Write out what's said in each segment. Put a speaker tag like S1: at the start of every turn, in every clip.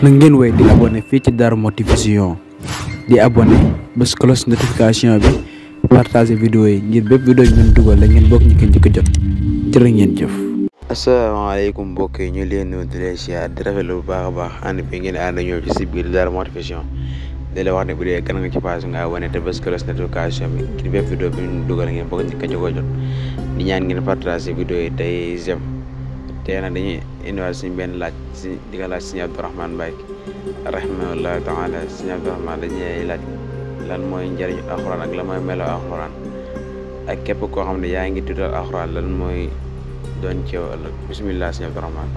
S1: na ngeen wéy di abonné fii ci Darou Mouhty di abonné bés cloche notification bi partager vidéo yi ngir bépp vidéo ñu mën dugal ngeen bokk ñu ko a jot jërë ngeen jëf. asalaamaaleykum mbokk yi ñu leen di leen siyaar di rafetlu bu baax bi ngeen ànd ñëw ci la wax bu dee kan nga ci te bés cloche notification bi ngir bépp vidéo bi ñu dugal jot di ñaan ngeen partager vidéo yi tey jëm. tey nag dañuy indiwaat ben benn laaj si di ko laaj suñu Abdourahmane Mbaye rahimahullah taala suñu Abdourahmane dañuy laaj ya, lan moy njëriñu alxuraan ak la mooy melo alxuraan ak képp ko xam ne yaa ngi tuddal alxuraan lan moy don ci wala ëllëg bismillah suñu Abdourahmane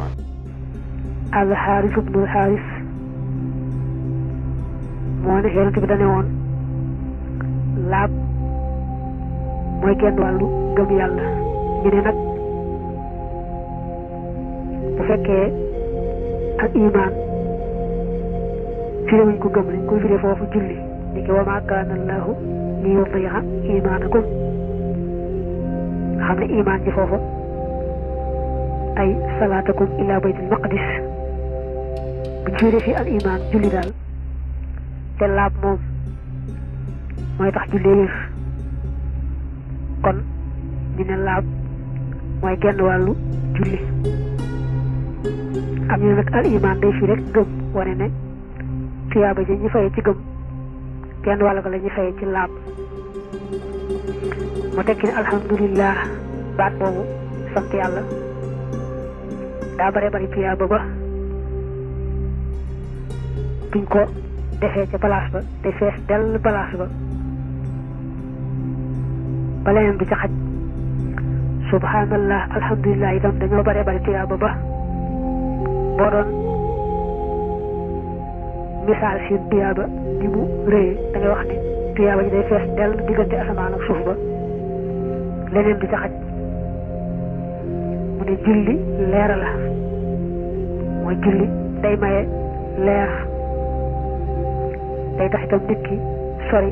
S2: alxaaris ibnul xaaris moo ne yonente bi dañe won lab moy kenn walu gëm yalla ñene nak fekkee ak imaan firiwuñ ko gëm lañ koy firi foofu julli ni ki wa maa kaana allahu li yudii'a imaanakum xam ne imaan ji foofu ay salaatakum ila baytul maqdis buñ fiiree fi al julli daal te laab moom mooy tax julli wér kon ñu ne laab mooy genn wàllu julli am ñu nag al iman day fii rek gëm wane ne tuyaaba ji ñu fayee ci gëm genn wàll ko la ñu fayee ci laab mu tekki ne alhamdulillah baat boobu sant yàlla daa bare bari tuyaaba ba buñ ko defee ca place itam dañoo bare bari tuyaaba ba boo doon misaal seen tuyaaba ni mu rëyee da ngay wax ni tuyaaba ji day fees dell diggante asamaan ak suuf ba leneen di ca xaj mu ne julli leer la mooy julli day maye leer day tax itam nit ki sori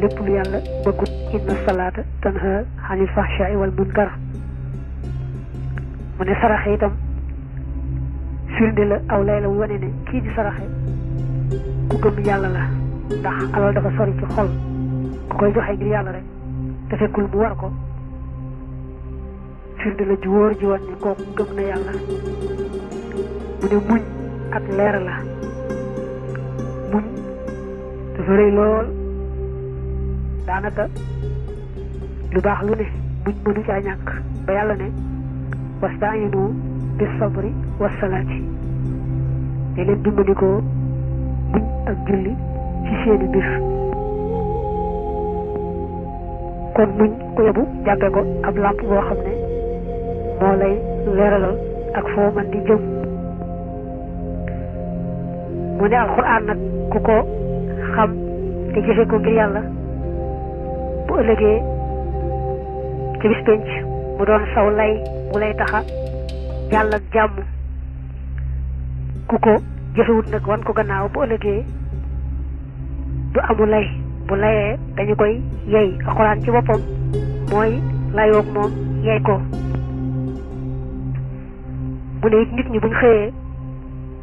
S2: lépp lu yàlla bëggut inna salaata tanha anil fahshaai wal munkar mu ne sarax itam firnde la aw lay la wane ne kii di saraxe ku gëm yàlla la ndax alal dafa sori ci xol ku koy joxe ngir yàlla rek te fekkul mu war ko firnde la ju wóor ji woon ne gëm na yàlla mu ne muñ ak leer la muñ dafa rëy lool daanaka lu baax lu ne muñ mënu caa ñàkk ba yàlla ne wastaayinu bis sabri wa salaati te leen dimbalikoo ak julli ci seeni mbir kon muñ ko yobu jàppe ko ab lamp boo xam ne moo lay leeralal ak foo man di jëm mu ne alquran nag ku ko xam te jëfe ko ngir yàlla bu ëllëgee ci bis penc mu doon saw lay mu lay taxa dal ak jàmm ku ko jëfewut nag wan ko gannaaw bu ëllëgee du amu bu layee dañu koy yey alxuraan ci boppam mooy layoog moom yey ko mu ne it nit ñi buñ xëyee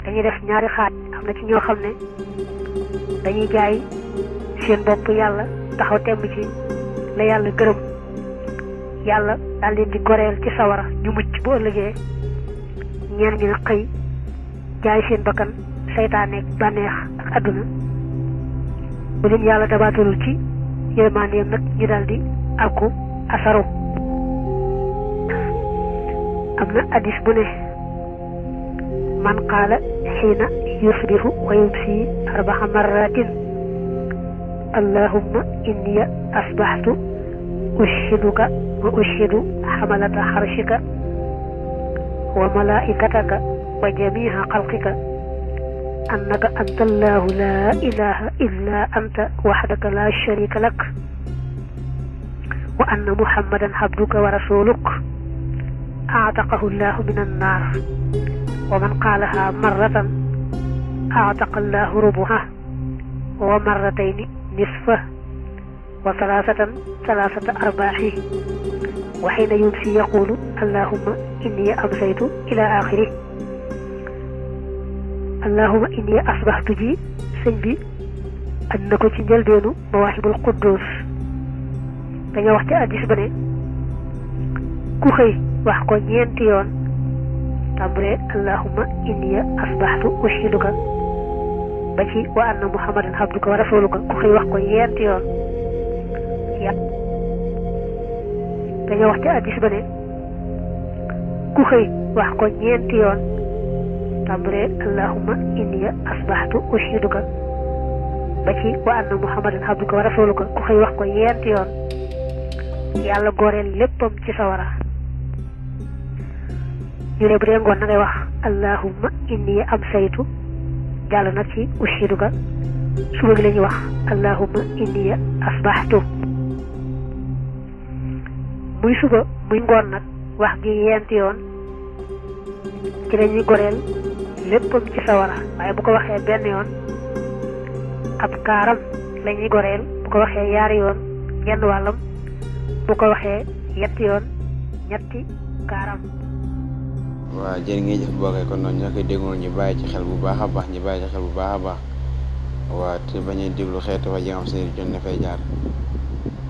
S2: dañuy def ñaari xaaj am na ci ñoo xam ne dañuy jaay seen bopp yàlla taxaw temb ci la yàlla gërëm yàlla daal leen di goreel ci sawara ñu mucc bu ëllëgee ñenn ñi nag xëy jaay seen bakkan saytaaneeg bànneex ak àdduna bu leen yàlla dabaatalul ci yërmandeem nag ñu daal di àggu asaro am na addis bu ne man qaala xiina yusbihu wa yumsi arbaxa marratin allahumma inni asbaxtu ushiduka wa ushidu xamalata xarshika وملائكتك وجميع خلقك أنك أنت الله لا إله إلا أنت وحدك لا شريك لك وأن محمدا عبدك ورسولك أعتقه الله من النار ومن قالها مرة أعتق الله ربعه ومرتين نصفه وثلاثة ثلاثة أرباعه وحين يمسي يقول اللهم إني أمسيت إلى آخره اللهم إني أصبحت جي sëñ bi am na ko ci njëlbeenu Mawahibul Quddus dañoo wax ci addis ba ne ku xëy wax ko ñeenti yoon tàmbalee allahumma inniya asbaxtu uxiduka ba ci wa anna muhammadan abduka wa rasuluka ku xëy wax ko ñeenti yoon yàpp dañoo wax ci addis ba ne ku xëy wax ko ñeenti yoon tàmbalee allahumma inni asbaxtu ushiduka ba ci wa anna muhammadan wa rasuluka ku xëy wax ko ñeenti yoon yàlla góoreel léppam ci sawara ñu ne bu ngoon na ngay wax allahumma inni am saytu jàll nag ci ushiduka suba gi la ñuy wax allahumma inni asbaxtu buy suba buy ngon nak wax gi yenti ya yoon ci lañuy gorel leppam ci sawara waye bu ko waxe ben yon ab karam lañuy gorel bu ko waxe yar yon genn walam bu ko waxe yett yon ñetti karam
S1: wa jërë ngeen jëf bokk ko non ñaka koy ñu bàyyi ci xel bu baaxa baax ñu bàyyi ci xel bu baaxa baax wa te bañe a déglu wa yi nga xam si fay jaar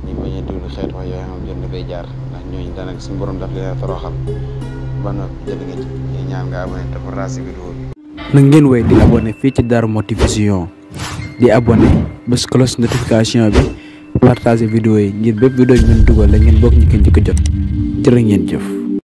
S1: ñu bañ a diwlu xeet wax yooyu xam jëm dafay jaar ndax ñooñu daanaka suñu borom a toroxal ba noppi jël nga ci ñu ñaan nga abonné na ngeen wéy di abonné fii ci Darou Mouhty Vision di abonné bés cloche notification bi partager vidéo yi ngir bépp vidéo ñu mën dugal la ngeen bokk ñu ko njëkk a jot jërë ngeen jëf